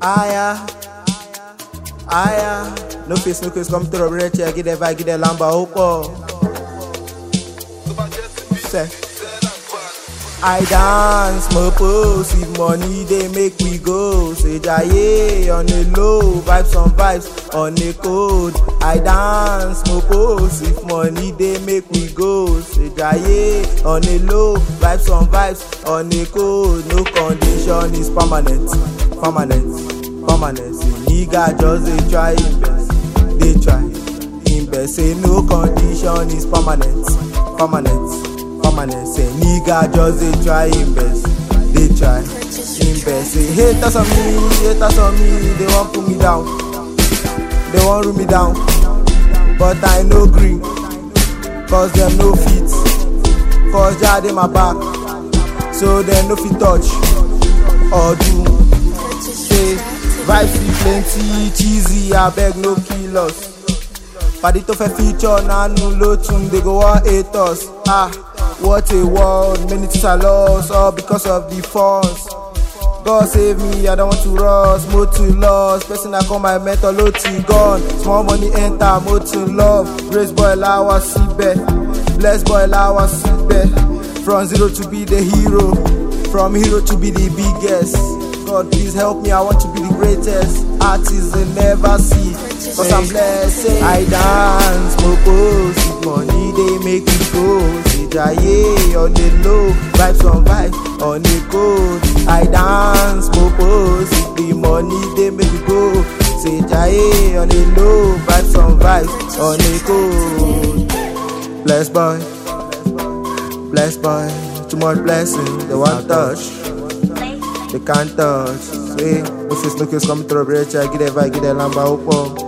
Aya, aya, no face, no face, come to the bridge, I get a vibe, get a lamba, hopo. Oh. Say, I dance, my pussy, money, they make me go. Say, jaye, on the low, vibes on vibes, on the code. I dance, my pussy, money, they make me go. gaye on a low vibes on vibes on a cold no condition is permanent permanent permanent nigga just dey try im best dey try im best say no condition is permanent permanent permanent say nigga just dey try im best dey try im best say haters on me haters on me dey wan put me down dey wan rule me down but i no gree cause dem no fit. God in my back, so they no fit touch or do. Say, vibes be plenty, cheesy, I beg no kill us. Paddy to fe feature, nanu low tune, they go all hate us. Ah, what a world, many things are lost, all because of the force. God save me, I don't want to rust, more to loss. Person I call my mentor, low to gone. Small money enter, more to love. Grace boy, I was see bed. Bless boy, I was see bed. From zero to be the hero, from hero to be the biggest. God, please help me, I want to be the greatest artist they never see. Cause I'm blessed. I dance, propose, money they make me go. Jaye on the low, vibes on vibes on the code. I dance, propose, the money they make me go. Say Jaye on the low, vibes on vibes on the code. Blessed boy. Blessed by too much blessing, they want touch. They can't touch. See, my Mrs. Lucas come through the bridge, I get it, I get it, Lamba Upo. Oh.